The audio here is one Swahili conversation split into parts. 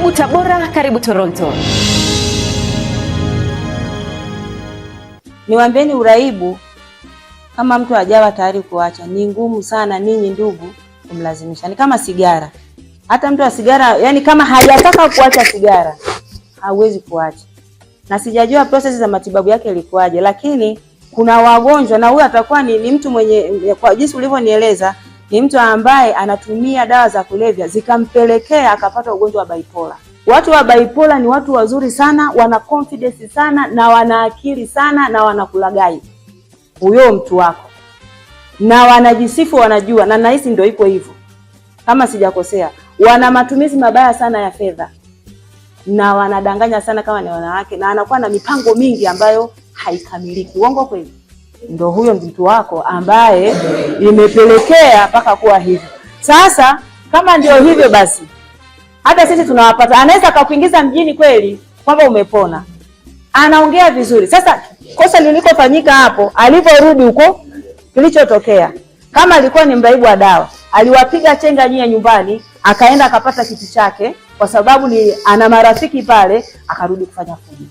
Karibu Tabora, karibu Toronto. Niwaambieni, uraibu kama mtu hajawa tayari kuacha, ni ngumu sana ninyi ndugu kumlazimisha. Ni kama sigara, hata mtu wa sigara, yani kama hajataka kuacha sigara hawezi kuacha. Na sijajua prosesi za matibabu yake ilikuwaje, lakini kuna wagonjwa na huyu atakuwa ni, ni mtu mwenye, kwa jinsi ulivyonieleza ni mtu ambaye anatumia dawa za kulevya zikampelekea akapata ugonjwa wa bipolar. Watu wa bipolar ni watu wazuri sana, wana confidence sana na wana akili sana na wanakulagai huyo mtu wako, na wanajisifu, wanajua, na nahisi ndio iko hivyo kama sijakosea. Wana matumizi mabaya sana ya fedha na wanadanganya sana kama ni wanawake, na anakuwa na mipango mingi ambayo haikamiliki. Uongo kweli? ndo huyo mtu wako ambaye imepelekea mpaka kuwa hivyo. Sasa kama ndio hivyo basi, hata sisi tunawapata. Anaweza akakuingiza mjini kweli kwamba umepona, anaongea vizuri. Sasa kosa lilikofanyika hapo, aliporudi huko, kilichotokea kama alikuwa ni mraibu wa dawa, aliwapiga chenga nyinyi nyumbani, akaenda akapata kitu chake, kwa sababu ni ana marafiki pale, akarudi kufanya fujo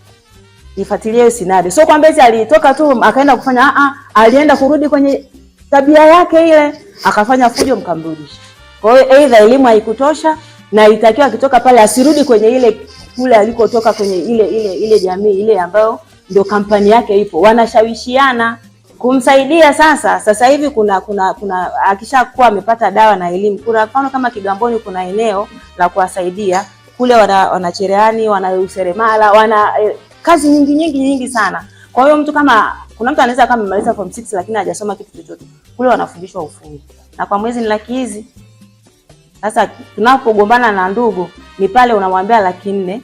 ifuatilie hiyo sinari. So kwamba eti alitoka tu akaenda kufanya a ah, a, ah, alienda kurudi kwenye tabia yake ile, akafanya fujo, mkamrudisha. Kwa hiyo aidha elimu haikutosha na itakiwa akitoka pale asirudi kwenye ile kule alikotoka kwenye ile ile ile jamii ile ambayo ndio kampani yake ipo, wanashawishiana kumsaidia. Sasa sasa hivi kuna kuna kuna akishakuwa amepata dawa na elimu, kuna mfano kama Kigamboni kuna eneo la kuwasaidia kule, wana wanacherehani wana useremala wana eh, kazi nyingi nyingi nyingi sana. Kwa hiyo mtu kama kuna mtu anaweza kama amemaliza form 6 lakini hajasoma kitu chochote, kule wanafundishwa ufundi na kwa mwezi ni laki hizi. Sasa tunapogombana na ndugu ni pale unamwambia laki nne,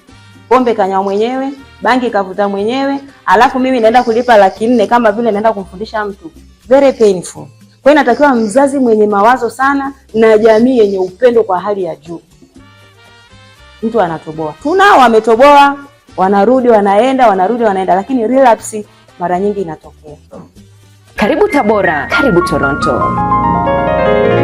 pombe kanywa mwenyewe, bangi kavuta mwenyewe, alafu mimi naenda kulipa laki nne kama vile naenda kumfundisha mtu. Very painful. Kwa hiyo natakiwa mzazi mwenye mawazo sana na jamii yenye upendo kwa hali ya juu. Mtu anatoboa, tunao wametoboa wanarudi wanaenda, wanarudi wanaenda, lakini relapse mara nyingi inatokea. Karibu Tabora, karibu Toronto.